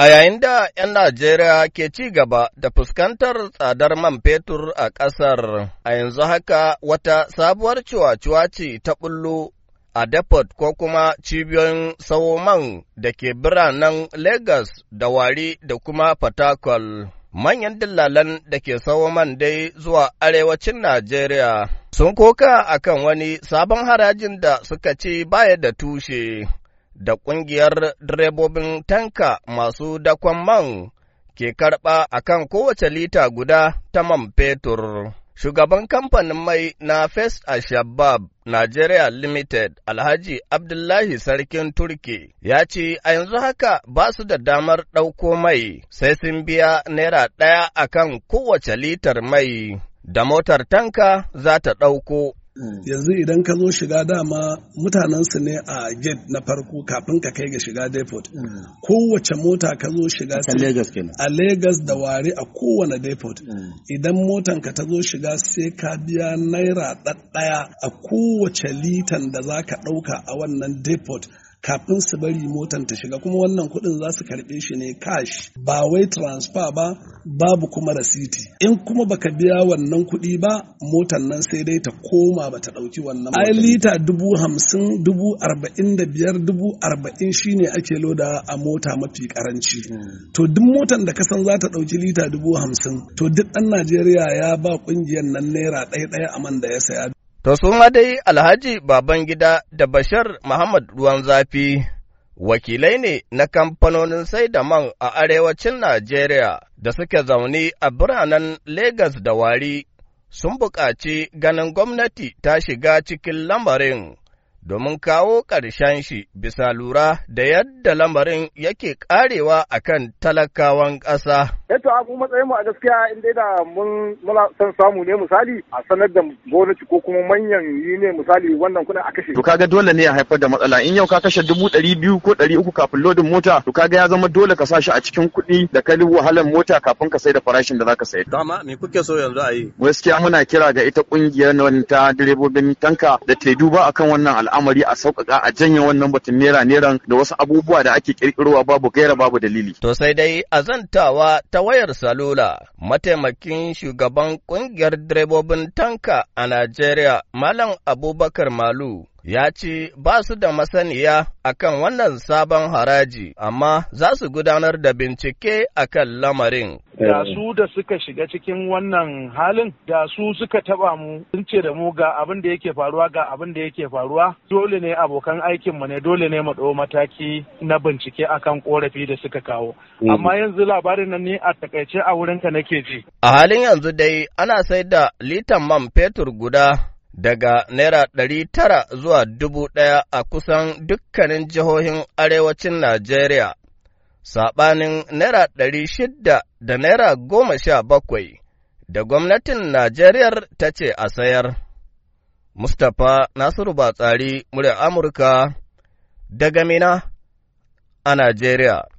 A yayin da ‘yan Najeriya ke ci gaba da fuskantar tsadar man fetur a ƙasar, a yanzu haka wata sabuwar ciwaciwa ce ta ɓullo a depot ko kuma cibiyoyin sawo man da ke biranen Legas da Wari da kuma Fatakwal. Manyan dillalan da ke sawo man dai zuwa arewacin Najeriya sun koka akan wani sabon harajin da suka ci baya da tushe. da ƙungiyar direbobin tanka masu dakon man ke karɓa a kan kowace lita guda ta man fetur. Shugaban kamfanin mai na First Ashabab Nigeria Limited Alhaji Abdullahi Sarkin Turki ya ce a yanzu haka ba su da damar ɗauko mai sai sun biya naira ɗaya a kan kowace litar mai da motar tanka za ta ɗauko Mm. yanzu idan ka zo shiga dama mutanensu ne a gate na farko kafin ka kai ga shiga depot mm. kowace mota ka zo shiga a lagos da ware a kowane depot mm. idan motan ka ta zo shiga sai ka biya naira ɗaɗɗaya a kowace litan da za ka ɗauka a wannan depot kafin su bari motan ta shiga kuma wannan kuɗin za su karɓe shi ne cash ba wai transfer ba babu kuma rasiti in kuma baka biya wannan kuɗi ba motan nan sai dai ta koma ba ta ɗauki wannan ai lita dubu hamsin dubu arba'in da biyar dubu arba'in shi ne ake loda a mota mafi karanci hmm. to duk motan da kasan za ta ɗauki lita dubu hamsin to duk ɗan najeriya ya ba ƙungiyar nan naira ɗaya ɗaya a man da ya saya To sun dai Alhaji Babangida da Bashar Muhammad Ruwan Zafi wakilai ne na kamfanonin sai da man a arewacin Najeriya da suke zaune a biranen Legas da Wari sun buƙaci ganin gwamnati ta shiga cikin lamarin domin kawo ƙarshen shi bisa lura da yadda lamarin yake ƙarewa a kan talakawan ƙasa. Yato eh abu mu a gaskiya in dai da mun muna son samu ne misali a sanar da gwamnati ko kuma manyan yi ne misali wannan kuna a kashe. To kaga dole ne ya haifar da matsala in yau ka kashe dubu ɗari biyu ko ɗari uku kafin lodin mota to kaga ya zama dole ka sa shi a cikin kuɗi da kali wahalar mota kafin ka sai da farashin da za ka sai. Dama me kuke so yanzu a yi? Gaskiya muna kira ga ita ƙungiyar nan ta direbobin tanka da ta duba akan wannan ala al'amari a sauƙaƙa a janye wannan batun naira neran da wasu abubuwa da ake ƙirƙirowa babu gaira babu dalili. To sai dai a zantawa ta wayar salula mataimakin shugaban ƙungiyar direbobin tanka a Najeriya Malam Abubakar Malu ya ce ba su da masaniya a kan wannan sabon haraji amma za su gudanar da bincike a kan lamarin. Da su da suka shiga cikin wannan halin da su suka taba mu sun ce da mu ga abin da yake faruwa ga abin da yake faruwa dole ne abokan aikinmu ne dole ne mu ɗau mataki na bincike akan korafi da suka kawo. Mm. Amma yanzu labarin nan ne a takaice a wurinka nake ji. A halin yanzu dai ana sai da litan man fetur guda daga Naira ɗari tara zuwa dubu ɗaya a kusan dukkanin jihohin arewacin Najeriya, saɓanin Naira ɗari shida da Naira goma sha bakwai da gwamnatin Najeriya ta ce a sayar. Mustapha Nasiru Batsari, murya Amurka, daga Mina a Najeriya.